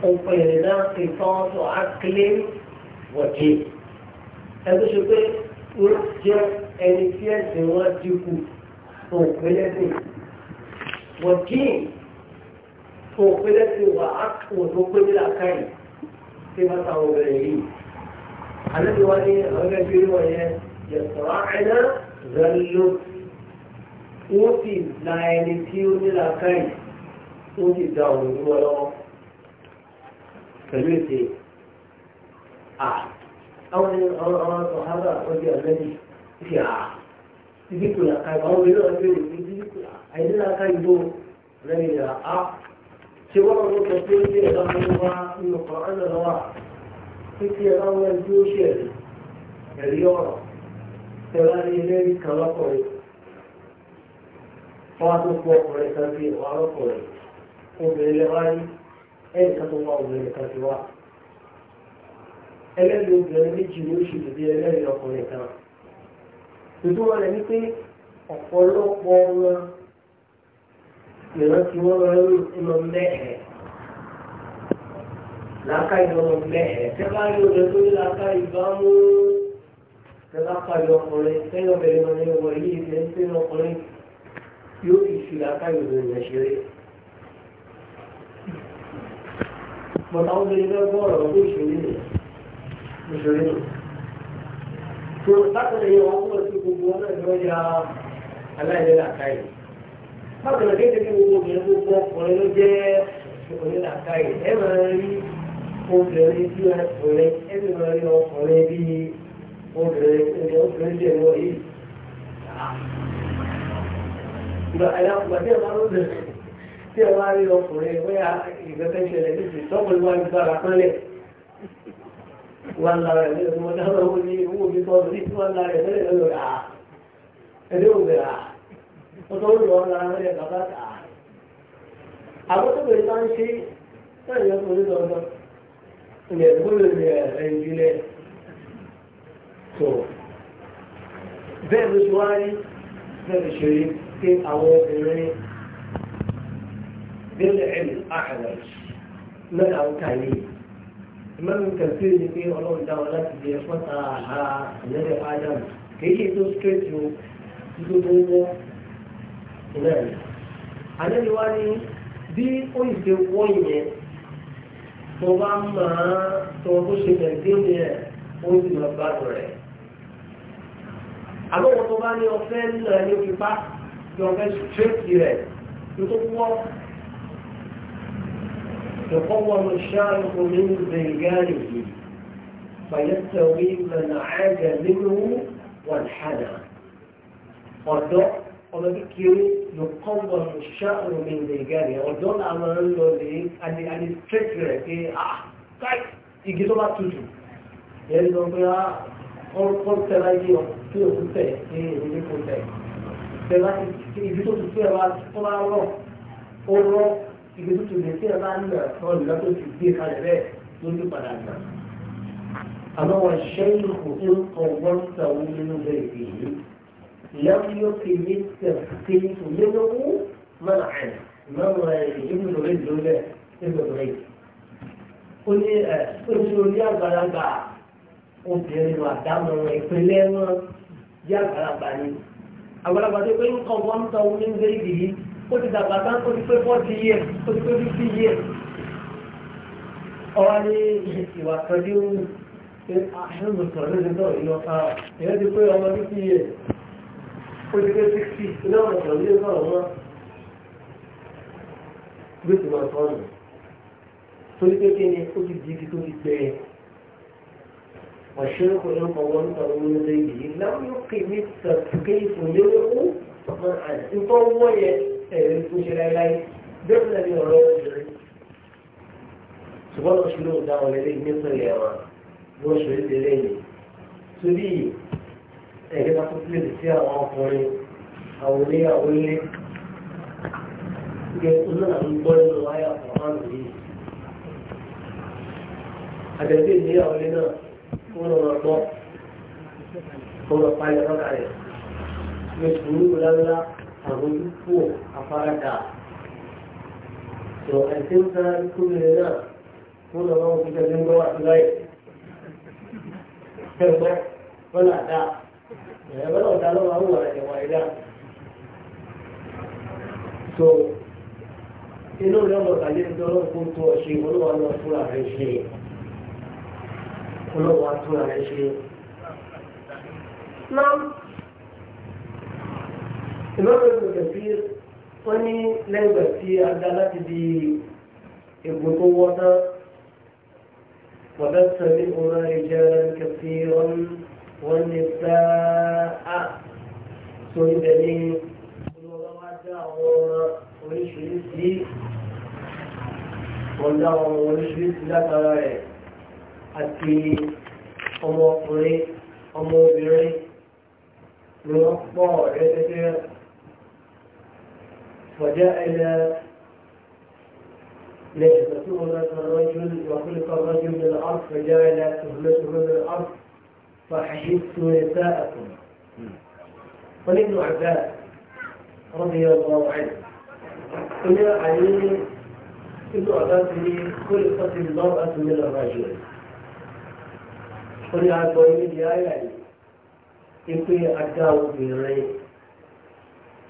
ọ̀pọ̀ ìrìnà ìfọ́nsọ̀ akílé wọ̀dí ẹni tó ṣe pé ó jẹ́ ẹni tí ẹ̀sìn wọn dínkù òpin lẹ́sìn wọ̀dí to fi da cewa a wato kudi da kai sai masa wani yi annabi wani a wani biyu wani ya sara'ina zallu wọ́n ti la ẹni tí ó ní làákàyè wọ́n ti da òun lọ́wọ́ lọ́wọ́ pẹ̀lú ètè àwọn àwọn ọ̀hárà ọjọ́ ọ̀lẹ́ni ti à títí kò làákàyè àwọn obìnrin náà ń bèrè títí kò àìní làákàyè bó lẹ́yìn à سواء كثير في الأمر يقرأ الواحد فكر أول يوشير اليورا ثاني ذلك لقري فاتو قري كثير وعرقري قبل الغالي أي كتوما قبل كثير واحد ẹlẹ́dùn obìnrin méjì ló ṣe lòdì ẹlẹ́rìí ọkùnrin kan. Ìdúró rẹ̀ ní pé ọ̀pọ̀lọpọ̀ wọn ìran tí wọ́n máa ń mẹ́ẹ̀ẹ́ láká ìlọ́mọ mẹ́ẹ̀ẹ́ tẹ́ bá rí orin láká ìbámu tẹ́ bá ọkùnrin sẹ́yìn ọbẹ̀rẹ̀ wọn ní ọwọ́ yìí ṣe ń pín ọkùnrin yóò fi fi láká ìròyìn rẹ̀ ṣeré. bọ̀dá obìnrin fẹ́ gbọ́ ọ̀rọ̀ ìṣòrí nù ìṣòrí nù. tó látàrí ọkùnrin tí gbogbo ọ̀nà ìlọ́ya aláìlẹ́lá káyìí bákan náà kéde kí gbogbo obìnrin gbogbo ọkùnrin ló jẹ́ obìnrin làkà yìí ẹ máa rí obìnrin bí ọkùnrin ẹ sì máa rí ọkùnrin bí obìnrin ẹni obìnrin jẹ wọ yìí. Ìgbà ẹ̀dá ọgbà ẹ bá ló dẹ̀ tí ẹ bá rí ọkùnrin wẹ́yà ìgbẹ́fẹ́ ṣẹlẹ̀ níbi ìtọ́pọ̀ ìwà ìgbára pẹ́lẹ̀ wọn lára ẹ̀ lẹ́yìn ọmọdé ọlọ́wọ́ ní owó mi kọ́ ọdún ní wọn lára ẹ̀ lẹ́yìn ọlọ́wọ́ ẹ̀dẹ́ òbẹ̀rẹ̀ à ó tó rẹ̀ bàbá tà á. àbótóbìnrin bá ń ṣe náà yẹ kó lọ lọ ilẹ̀ gbọ́dọ̀ ní ẹ̀ẹ́dínlẹ̀ tó bẹ́ẹ̀ ló ṣe wá rí bẹ́ẹ̀ ṣe rí pé àwọn obìnrin bẹ́ẹ̀ ẹ̀mí àhàlẹ̀ mẹ́ta ń kà mẹ́rin kẹfì ni pé ọlọ́run dáwọn láti di ẹ̀fọ́ àhà ìyẹ́dẹ̀ ádámù kéèké tó straight o tó tó wọ́n iná rẹ̀ àlẹ́lì wá ní bí ó ìṣe wọ́ ìyẹn tó bá máa tó bó ṣe bẹ̀rẹ̀ ní ẹ̀ ó sì lọ gbádùn rẹ̀ àmọ́ wọn tó bá ní ọ̀fẹ́ náà ní fipá ní ọ̀fẹ́ ṣírẹ́tì rẹ̀ tó tó wọ́ يقوم الشارق من زيجانه فيستوي من عاد منه وانحنى ọ̀dọ́ ọmọ kékeré ló kọ́ bọ̀ ṣáàrù mi ní ìgá rẹ̀ ọ̀dọ́ náà máa ń lọ lè àti àti ah káì igi tó bá tutù yẹn lọ pé ah kọ́ tẹ́lá yé ọ kí òkú tẹ̀ ní ìdílé kò tẹ̀ tẹ́lá ibi tó tutù ẹ̀ wá tó bá rọ̀ ó rọ̀ ibi tó tutù tí ẹ̀ bá ń nà ọ̀ nígbà tó ti gbé kalẹ̀ bẹ́ẹ̀ lójú padà nà. àmọ́ wọn ṣẹ́yìn kò لم يقم التفقيه منه منعا منع ابن جريج لولا ابن جريج ó ní oṣù orí àgbàlagbà obìnrin wà dámọ̀ ìpínlẹ̀ wọn bí àgbàlagbà ni àgbàlagbà tó pé nǹkan wọn ń tan omi ń gbé ìdí yìí ó ti dàgbà tán ó ti pé forty years ó ti pé fifty years ọwọ́ ní ìwà kan ní ó ń ṣe àṣírò sọ̀rọ̀ lóṣù náà ìlọ́ta ìyẹn ti pé ọmọ fifty years ó ti dé sixty iná ọ̀nà ìtàwé yóò sọ̀rọ̀ mọ́ bí ó ti máa sọ̀rọ̀ torí pé kí ni ó ti di ibi tó ti gbẹ ọ̀ṣẹ́ kò ní kọ̀ wọ́n nípa owó lóde yìí láwọn kì í tàbí ìfòlérò ọ̀pọ̀ àti nǹkan wọ́n yẹ ẹ̀rẹ́ tó ṣe láéláé bẹ́ẹ̀ náà ni ọ̀rọ̀ ọ̀ṣẹ́ ṣùgbọ́n ọ̀ṣẹ́ ló ń dá wọn lẹ́lẹ́ nípa ìyàwó ló ń ṣe é ẹ̀jẹ̀ bá tó sílẹ̀ sí àwọn ọkùnrin àwọn oníyà onílé ìgbẹ́ onáà ń gbọ́ nínú wáyà ọ̀hán yìí àgbẹ̀dẹ́ ìníyà onílé náà wọ́n lọ́ọ́ gbọ́ wọ́n lọ́ọ́ pa ẹ̀rọ kalẹ̀ ní sùúrù lọ́lá àrójúkú afárádà tó ẹ̀sẹ̀ ń sára kúrò náà wọ́n lọ́ọ́ wọ́n fi jẹ́ ní gbọ́ wà sí láyé ẹ̀rọ ọ̀dà ló máa ń wà ẹ̀wà ẹ̀dá so inú rẹ̀ ọmọ tàbí ẹni tó lọ́wọ́ kó tó ọ ṣe olówó àná fúnra rẹ̀ ṣe olówó àtúnra rẹ̀ ṣe. Nam ìmọ̀ràn ìgbòkè sí wọ́n ní lẹ́gbẹ̀ẹ́ sí aga láti di ègbò tó wọ́ tán wọ́n bẹ́ẹ̀ sọ wọ́n ní sáà ah, tó ibẹ̀ ní olùwọ́n wá dá àwọn oríṣiríṣi wọ́n dá àwọn oríṣiríṣi látara rẹ̀ àti ọmọkùnrin ọmọbìnrin ni wọ́n pọ̀ rẹ́tẹ́tẹ́ fọ̀já ẹ̀yà ليش رسول الله صلى الله عليه وسلم وخلق الرجل من الأرض فجعل تهمته من الأرض فحجبت نساءكم ابن عباس رضي الله عنه سمع عليه ابن عباس لي خلقت المرأة من الرجل قل يا قويل يا علي كنت أدعو بيني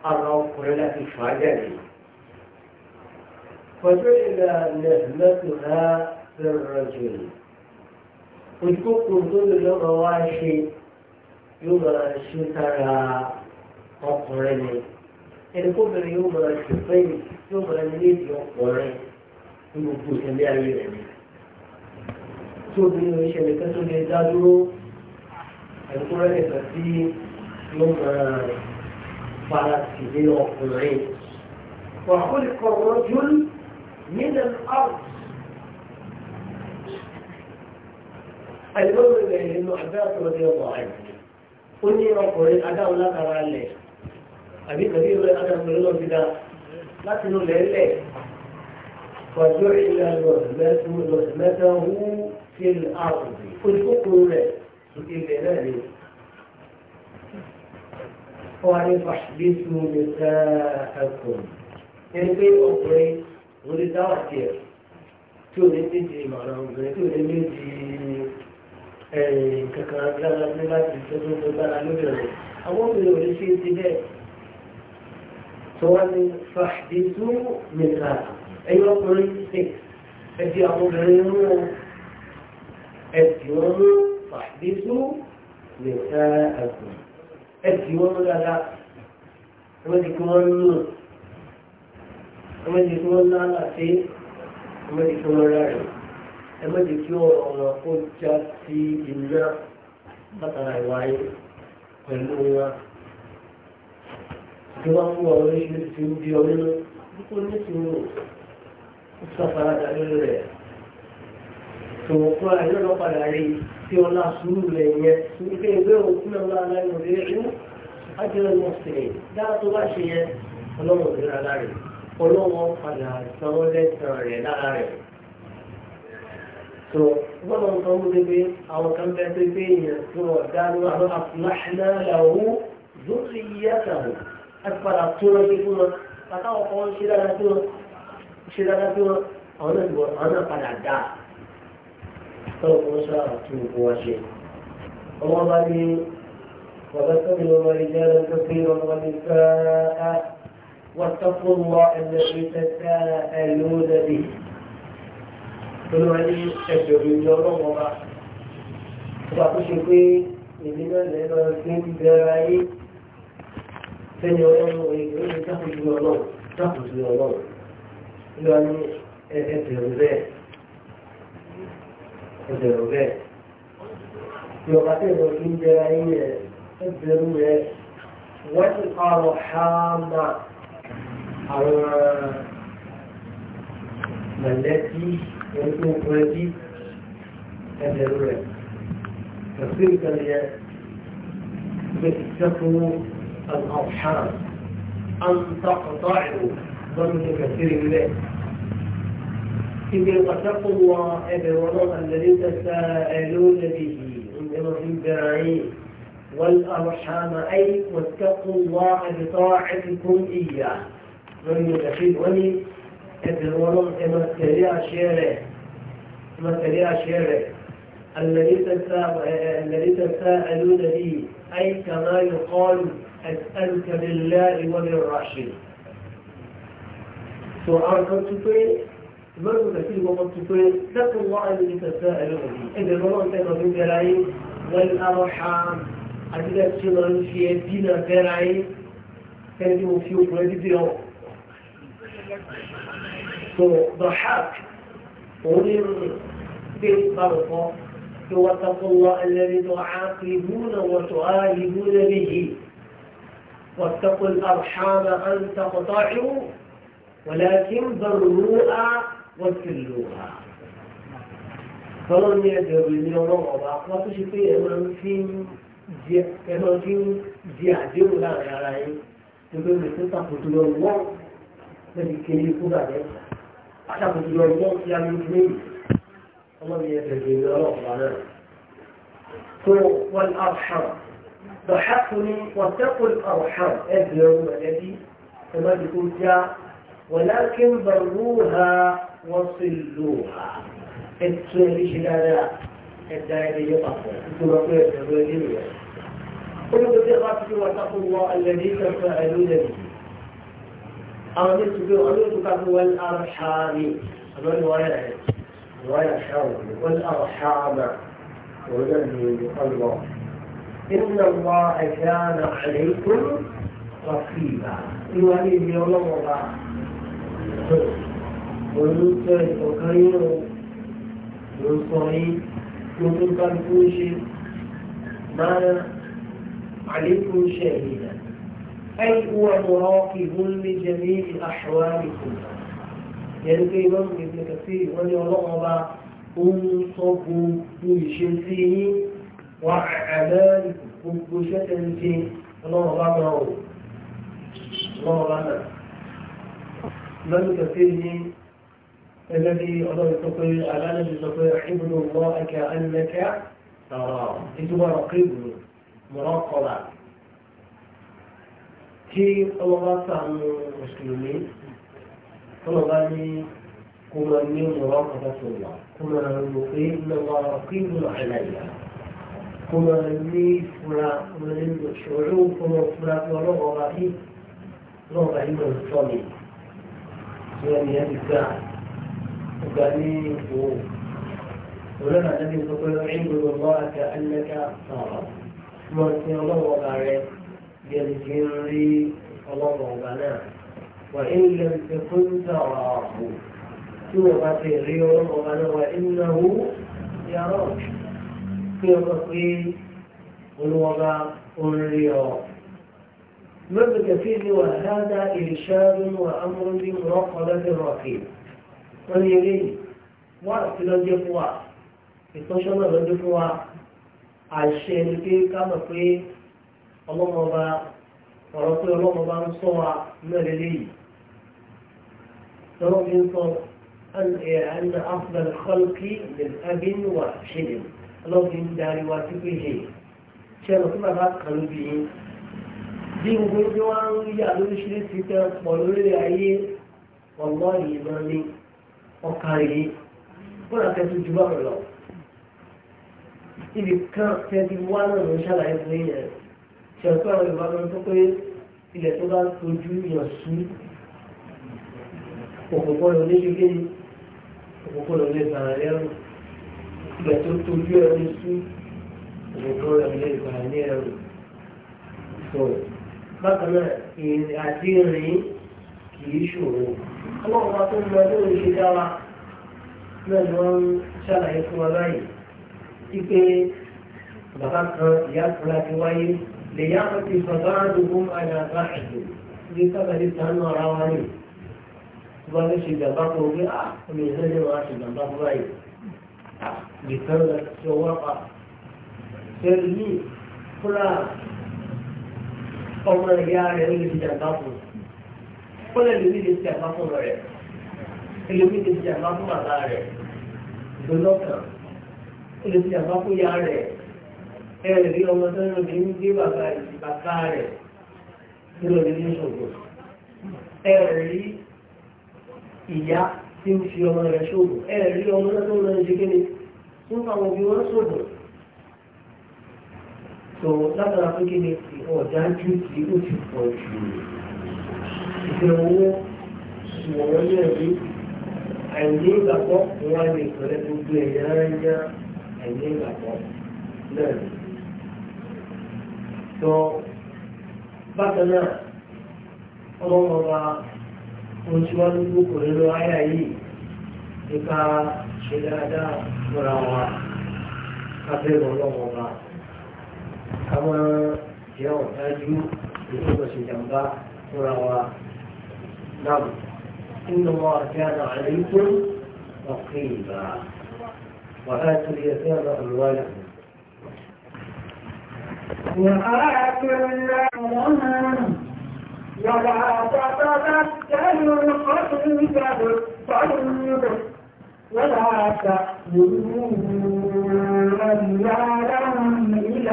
أرى قرنة شاجري فجعل نهمتها في الرجل ojúkòkò tó lè lọ́rọ̀ wá ṣe yóò máa ṣe sára ọkùnrin ni ẹnikóbìnrin yóò máa ṣe fẹ́yìn yóò máa ní èdè ọkùnrin ní gbogbo ìṣẹ̀lẹ̀ ayé rẹ̀ ni. tí obìnrin ìṣẹ̀lẹ̀ kan tó lè dá dúró ẹnikóbìnrin nìkan tí yóò máa fara sí ilé ọkùnrin. wàhálì kan rọ́júl nílẹ̀ áwùjọ. àìlọ́wọ́ ilẹ̀ nínú abẹ́ àtọ́lọ́dẹ ọmọ àìlú ó ní ọkùnrin adáhùn látara lẹ̀ àbí tàbí ìwé adáhùn lọ́wọ́ fi dá láti inú lẹ́lẹ̀ pàjọ́ ilẹ̀ lọ́sẹ̀mẹ́ta wú sí àrùn olùkókò rẹ̀ ilẹ̀ náà ni wọ́n á ní fàṣíbíṣu ní sáàkùn ẹni pé ọkùnrin lórí dáwà tiẹ̀ tí ò ní méjì ìmọ̀ràn obìnrin tí ò ní méjì kankan agbára ní láti tọ́jú tó dára lórí rẹ̀ àwọn obìnrin òní ṣe ti bẹ́ẹ̀ tó wá ní fàdé tó mẹ́ta ẹ̀yìn ẹ má jẹ́ kí ọ̀rọ̀ kó já sí iná látara ìwáyé pẹ̀lú wọn tí wọ́n ń wọ orí ní ti ń bí ọrí lọ kó ní sùúrù ó sàfaradà lórí rẹ̀ tòun fúnra ẹ̀ lọ́nà padà rí tí ọlá sùúrù rẹ̀ yẹn nígbà ìwé òkú náà wà láyé òrí rẹ̀ ájọ́rẹ́ wọn sì rìn dáa tó bá ṣe yẹn ọlọ́run òdìrà lára rẹ̀ ọlọ́run padà sanwó lẹ́sàn rẹ̀ lára rẹ̀. so gbọ́dọ̀ nǹkan mú débi àwọn kan bẹ́ẹ̀ tó gbé yẹn tó wọ̀ dáadé wọn àwọn afúláṣínà làwọn lórí yíyá tàbí àtìpadà tó wọn ṣe fún wọn àtàwọn kan ṣe dáadáa sí wọn ṣe dáadáa sí wọn àwọn náà gbọ́ àwọn náà padà dá tọ́lọ̀ kan ṣe àtúntò kó wá ṣe. ọmọ bá ní bàbá sọ́mi ló máa ń jẹ́ ẹran tó pé wọn wá ní sáà wọ́n tọ́kùn wọn ẹ̀mẹ́rin tẹ́tẹ́ ẹ̀lú torí ní ẹsẹ̀ òbí ìjọ bá ọba tó ṣe pé èmi náà lè lọ ayé sẹ́ni ọlọ́run òye ó lè dákòjú ọlọ́run ọlọ́run lọ ní ẹsẹ̀ òbí bẹ́ẹ̀ ẹsẹ̀ òbí ayé rẹ̀ ẹsẹ̀ rẹ̀ wọ́n ti pa àwọn àwọn mọ̀lẹ́bí. يكون واجب الضرورة تصير كالياء اتقوا أن تقطعوا ظن كثير الله إذ اتقوا الله أبرنا تساءلون به عندما في الذراعين والأرحام أي واتقوا الله بطاعتكم إياه ظن كثير ولي ẹgbẹ̀rún ọlọ́run ẹ máa tẹ̀lé àṣẹ الذي تساءلون به أي كما يقال أسألك بالله وبالرحمن سؤال تطير مرض كثير وقد تطير اتقوا الله الذي تساءلون به إذا مرض كان من والأرحام أجل أشياء من فيه دينا كان يوم فيه وقد تو ضحك ومن بالقرب واتقوا الله الذي تعاقبون وتعاهدون به واتقوا الارحام ان تقطعوا ولكن ضروا وسلوها فلم يدر اليوم وضع اقوات شفيع من في جهد لا يرى تقول لك تقول الله níbi kiri ikú bàjẹ́ aṣàkóso ọgbọ́n tí a ní ilé ọlọ́run yẹn fẹ̀gbẹ̀ ní ọlọ́pàá náà tó wọ́n arham ضحكني واتقوا الأرحام أبلغوا الذي فما بكم ولكن بروها وصلوها التوري شلالا الدائرة يطفل ثم قلت الرجل قلت بغفل واتقوا الله الذي تساءلون به àwọn tó ti gbé ọlọ́dún ká fún wọn arṣáàmì àbẹ́ni wọ́n yà rẹ̀ wọ́n yà ṣáàmì wọ́n arṣáàmà wọ́n yà ní ọlọ́ inna allah kana alaykum rafiba ìwà ní ibi ọlọ́wọ́ أي هو مراقب لجميع أحوالكم يعني كي إمام ابن كثير ولي رغب أنصب ويشنسيه وأعمالكم وبشة فيه الله غمره الله غمره من كثير الذي الله على الآن يستطيع حبل الله كأنك تراه إذ مراقبه مراقبة kí ọlọ́wọ́ sàánú mùsùlùmí ọlọ́wọ́ ní kó máa ní ọ̀rọ̀ pàtàkì wà kó máa lò pé lọ́wọ́ kí ń lọ àìláyà kó máa ní ìfura kó máa ní ìṣòro kó máa fura pé ọlọ́wọ́ wa yìí lọ́wọ́ bá yìí lọ́wọ́ tọ́ mi tí wọ́n ní ẹni gbà ọgbà ní ìfò òun náà nàbí sọ pé àti ẹ̀ẹ́nẹ́ká sọ̀rọ̀ mọ̀ sí ọlọ́wọ́ bá rẹ̀ bí ẹni tí ń rí ọlọ́run ọba náà wà ń lè fi kún tàwọn ààbò tí wọ́n bá ti rí ọlọ́run ọba náà wà ń náà wú yàrá kí wọ́n sọ pé olùwọ́ba ń rí ọ. مبدا كثير وهذا إرشاد وأمر بمراقبة الرقيب ونيرين وقت لجي فوا ìtọ́sọ́nà lọ́jọ́ fún wa àṣẹ ni pé ká mọ̀ pé ọlọ́mọba ọ̀rọ̀ pé ọlọ́mọba ń sọ wa mẹ́rin léyìí lọ́wọ́ fi ń sọ أن أفضل الخلق من أب وشد الله في داري واتفه شيخ ما قال به bí gbogbo ẹgbẹ́ wa ń yà lóríṣiríṣi tẹ pọ̀ lórí ayé ọ̀gbọ́n yìí lọ ní ọkà yìí fúnra kẹtù jù bá mi lọ. ibì kan tẹ́tí wá náà ló ń ṣẹ̀kú àwọn tó pé ilẹ̀ tó bá tójú yàn sí òkòkòrò ní ṣíké ní òkòkòrò lè bàrà lẹ́rù ilẹ̀ tó tójú ẹ̀ ní sí òkòkòrò lè bàrà ẹ̀rù tó bákan náà ìrìn àti ìrìn kì ṣòro ọlọ́run wa tó ń lọ lórí ṣe dára náà ni wọ́n ń ṣàlàyé fún wa wípé bàbá kan ìyá kan láti wáyé ليعطي فبعضهم على بعض بسبب تنور رواني wọ́n ṣe gbàgbá kó wí à omi ìṣẹ́lẹ̀ wọn ṣe gbàgbá fún báyìí nìkan lọ sí ọwọ́ pa ṣẹlẹ̀ yìí fúnra ọmọ ìyá rẹ̀ ó lè fi jàǹbá fún ó lè lómi lè fi fún rẹ̀ ẹlòmí lè fi jàǹbá fún bàbá rẹ̀ lọ́lọ́kàn ó lè fi jàǹbá fún ìyá rẹ̀ ẹ̀rí ọmọ tó ń rí ní gbé bàbá rẹ̀ nínú ilé ṣògbò ẹ̀rí ìyá tí ń fi ọmọ rẹ̀ ṣògbò ẹ̀rí ọmọ tó ń rí ṣe kéde ń fàwọn òbí wọn ṣògbò tó látara pé kí ni ọ̀dá jù tí ó ti pọ̀ jù ìfẹ́ owó ìwọ̀n ní ẹ̀rí àìní ìgbàgbọ́ wọn á lè pẹ̀lẹ́ gbogbo ẹ̀yà ẹ̀yà àìní ìgbàgbọ́ náà sọ bákan náà ọlọ́run tó ń ṣíwájú gbogbo nínú àyà yìí nípa ṣe dáadáa múra wa abẹ́rẹ́ ọlọ́run ká máa jẹ́ ọ̀dájú ìṣòro ṣèjàmbá múra wa náà إن الله كان عليكم رقيبا وآتوا اليتامى أموالهم وآتوا الأمانة ولا تتبدلوا الخبيث بالطيب ولا تأكلوا أموالهم إلى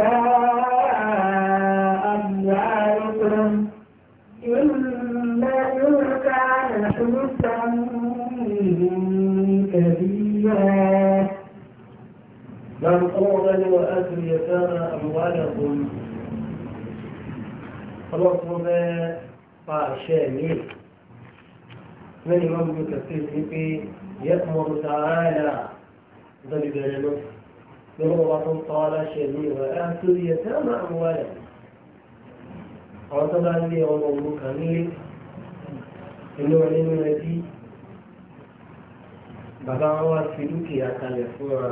أموالكم إنه كان حوتا من قول وآتوا اليتامى أموالهم ọlọ́pọ̀ bẹ́ pa àṣẹ mi mẹ́rin máa ń gbé kẹfẹ́ sí pé yẹ mọ̀rọ̀ tààrà lọ́dún bẹ̀rẹ̀ lọ lọ́wọ́ wa tó ń pa aláṣẹ mi rẹ̀ á tó yẹ tẹ́ ọ̀nà àwọn ẹ̀ àwọn tó bá lé ọmọ òun kan nílé inú nínú ẹbí bàbá wọn wá fi dúkìá kalẹ̀ fún wa.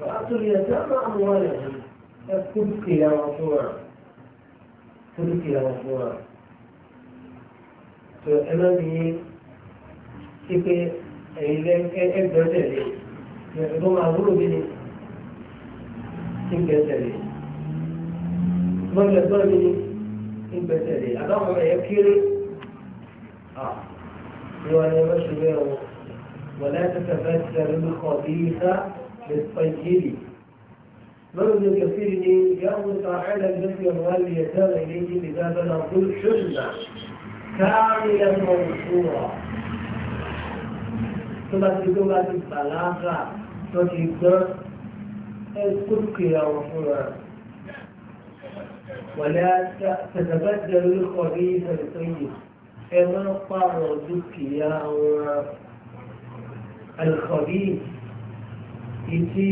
وآتوا اليتامى أموالهم تبكي مرفوعا تبكي مرفوعا فأنا به كيف ẹgbẹ̀rún tẹ̀lé ẹ̀dọ́ máa wúlò bí ní ìgbẹ̀ tẹ̀lé lọ́gbẹ̀ ẹ̀dọ́ bí ní ìgbẹ̀ tẹ̀lé àdáwọn ẹ̀yẹ kéré àìwọ̀n ẹ̀mẹ́ṣùgbẹ́ wọn wọ̀lẹ́ tẹ̀tẹ̀ fẹ́ tẹ̀lé lókọ̀ bí i sáà للطيب مرض الكثير يأمر تعالى الذي يروى اليتامى إليه إذا بلغوا الحلم كاملا موصورا ثم تدوم البلاغة وتقدر تبقي وفورا ولا تتبدل الخبيث بالطيب كما قال الدكيا الخبيث ètí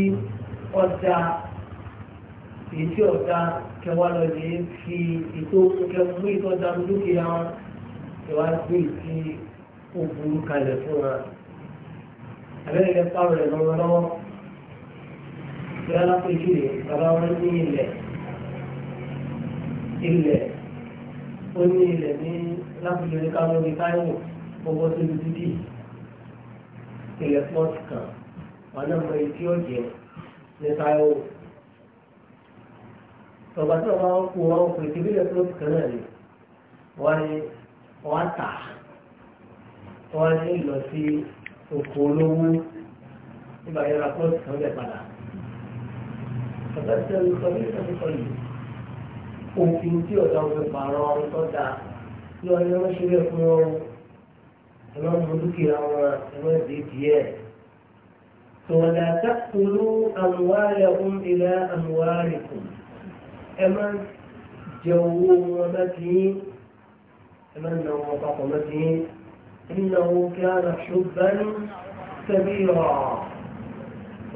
ọ̀dà ètí ọ̀dà kẹwàá lọ lè fi ètò kẹmú ìtọ́jà dúkìá wọn kẹwàá gbé ètí òbúrú kalẹ̀ fún wa. Àbẹ́rẹ́ ilẹ̀ pàrọ̀ rẹ̀ lọ́wọ́lọ́wọ́. Ìyá alápèjú rẹ̀ bàbá wọn ní ilẹ̀. Ilẹ̀ ó ní ilẹ̀ ní lápèjú rẹ̀ káwọn orí káyọ̀ gbogbo tó dúdú dì. Ilẹ̀ pọ́ọ̀tì kan wọn náà mọ etí ọ̀jẹ̀ ní táyọ̀ tọba tí wọn máa ń kú tó kàn náà ni wọn ni wọn tà wọn ní lọ sí oko olówó nígbà yẹn la kúrò kàn bẹ̀ padà tọba tí wọn sọ bí wọn sọ yìí òfin tí ọ̀dà òfin pààrọ̀ ọ̀hún tó dáa lọ́ọ́ ni wọ́n ṣe fún wọn ẹ̀rọ mọ dúkìá wọn ẹ̀rọ ìdí díẹ̀. ولا تأكلوا أموالهم إلى أموالكم أما جو ومتي أما وطق ومتين إنه كان حبا كبيرا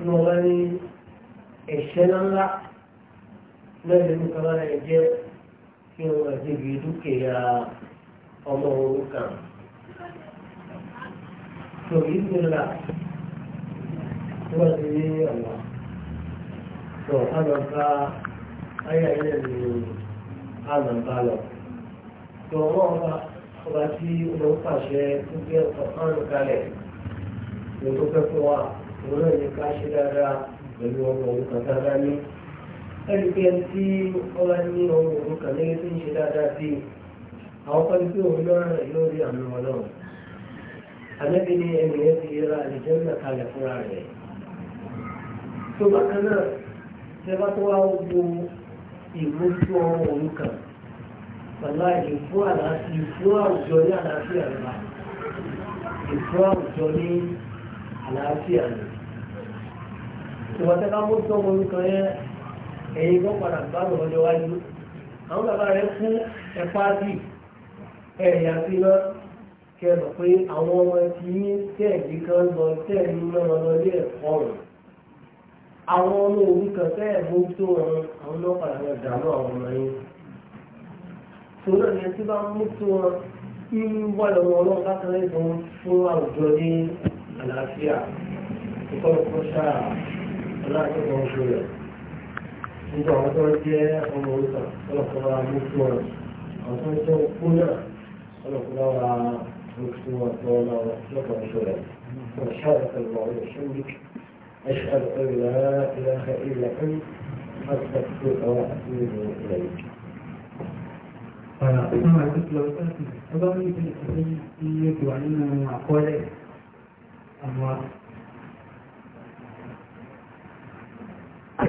نغني الشنن لا نجم كمان يجب في واجب يدك يا أمورك فبإذن الله nígbà tí ọ̀la tó ànàbà ayé ayé ni ànàbà lọ tó wọ́n bá ọba tí ó pàṣẹ tó gbé ọ̀hánù kalẹ̀ ló tó fẹ́ fún wa òun náà ní ká ṣe dáadáa pẹ̀lú ọmọ òun kan dáadáa ní ẹni pé ẹni tí ọba ní ọmọ òun kan lẹ́yìn tí ń ṣe dáadáa sí àwọn kan ní pé àmì ọlọ́run àlẹ́bí ẹni yẹn ti ra àlìjẹ́ náà kalẹ̀ fúnra rẹ̀ tó bákan náà ṣe bá tó wá wo ìmúṣọ ọmọ òrukàn pàlá ìfú àwùjọ ní àlàáfíà rẹ̀ ìfú àwùjọ ní àlàáfíà rẹ̀ ìwọ̀tẹ́ bá mú sọ́mọ orúkọ yẹn ẹ̀yìn kan padà bá lọ ọjọ́ wájú àwọn bàbá rẹ̀ fún ẹ̀pá bì ẹ̀yà sí lọ kẹ́ ẹ mọ̀ pé àwọn ọmọ ti ní tẹ́ẹ̀dì kan lọ tẹ́ẹ̀dì náà lọ ilé ẹ̀kọ́ rẹ̀ àwọn ọmọ òbí kan fẹ́ ẹ̀bùn tó wọn àwọn náà padà lọ àwọn ọmọ yẹn tòun náà yẹn tí bá mú tó wọn kí wà lọ́wọ́ ọlọ́run látara ìbọn fún àwùjọ ní àlàáfíà ìkọ́lùkọ́ sáà aláàtọ̀kọ́ oṣù rẹ̀ nígbà àwọn tó jẹ́ ọmọ orúkọ ọlọ́kọ́ bá mú tó wọn àwọn tó jẹ́ òkú náà ọlọ́kọ́ bá mú tó wọn tó wọn lọ́kọ̀ oṣù rẹ̀ ọ̀ṣà أشهد أن لا إله إلا أنت أستغفرك وأتوب إليك فأنا آه، أعتقد لو سألت أظن أن الإسلام يجب